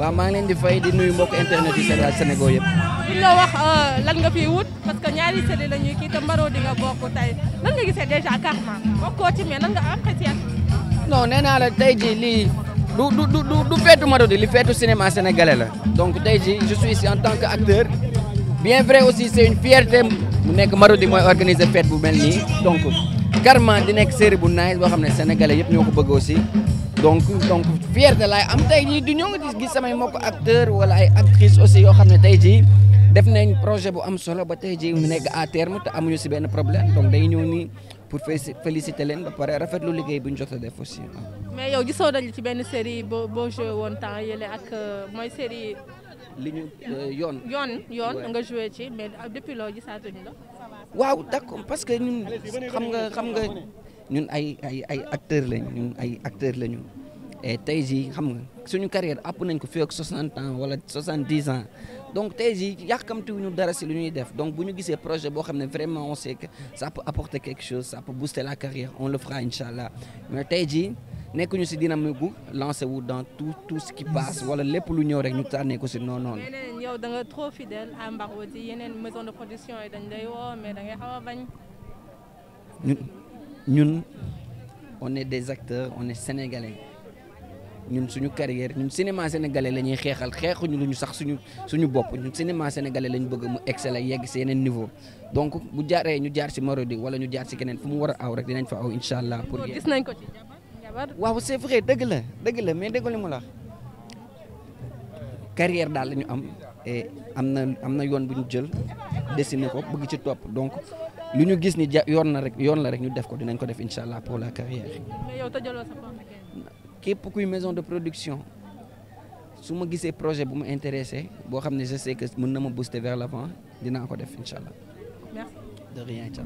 waaw maa ngi leen di fay di nuyu mbokk internet yi seen Sénégal yëpp. bu ñu la wax euh, lan nga fi wut parce que ñaari sëriñ la ñuy kii te mbaroo di nga bokk tey lan nga gisee déjà carrément bokkoo ci nan nga apprécié. non nee la tey jii lii du du du du feetu Marodi li feetu cinéma sénégalais la. donc tey ji je suis ici en tant que acteur bien vrai aussi c' est une mu nekk Marodi mooy organiser fête bu mel nii donc carrément di nekk série bu nice boo xam ne sénégalais yëpp ñoo ko bëgg aussi. donc donc fierté laay am tey jii du ñoo ngi gis samay mbokk acteur wala ay actrice aussi yoo xam ne tey jii def nañ projet bu am solo ba tey jii mu nekk à terme te ñu si benn problème donc day ñëw nii pour féliciter leen ba pare rafetlu liggéey buñ ñu jot a def mais yow gisoo dañu ci benn série boo boo joué woon temps yële ak euh, mooy série. li ñu euh, yoon. yoon yoon nga joué ci mais depuis loo gisaatuñu la. waaw d'accord parce que xam nga xam nga. ñun ay ay ay acteurs lañ ñun ay acteurs lañu et tey jii xam nga suñu carrière àpp nañ ko fii ak 60 ans wala 70 ans donc tey jii yàkkamtiwuñu dara si lu ñuy def donc bu ñu gisee projet boo xam ne vraiment on sait que ça peut apporter quelque la carrière on allah mais tey jii nekkuñu si dina dynamique bu lancé wu dans tout tout ce qui passe wala lépp lu ñëw rek ñu tànnee ko si non non. yeneen yow da nga trop fidèle à Mbarodi yeneen maison de production yi dañ ñun on est des acteurs on est sénégalais ñun suñu carrière ñun cinéma sénégalais la ñuy xeexal ñu lu ñu sax suñu suñu bopp ñun cinéma sénégalais lañ bëgg mu exceller yegg si yeneen niveau donc bu jaaree ñu jaar si Marodi wala ñu jaar si keneen fu mu war a aw rek dinañ fa aw incha allah. pour gis nañ ko waaw c'est vrai dëgg la dëgg mais dëgg li mu la daal lañu am am na am na yoon bu ñu jël dessiné ko bëgg ci topp donc. lu ñu gis ni ja yoon na rek yoon la rek ñu def ko dinañ ko def incha allah pour la carrière képp kuy maison de production su ma gisee projet bu ma intéressé boo xam ne je sais que mën na ma booster vers l'avant dinaa ko def incha allah de rien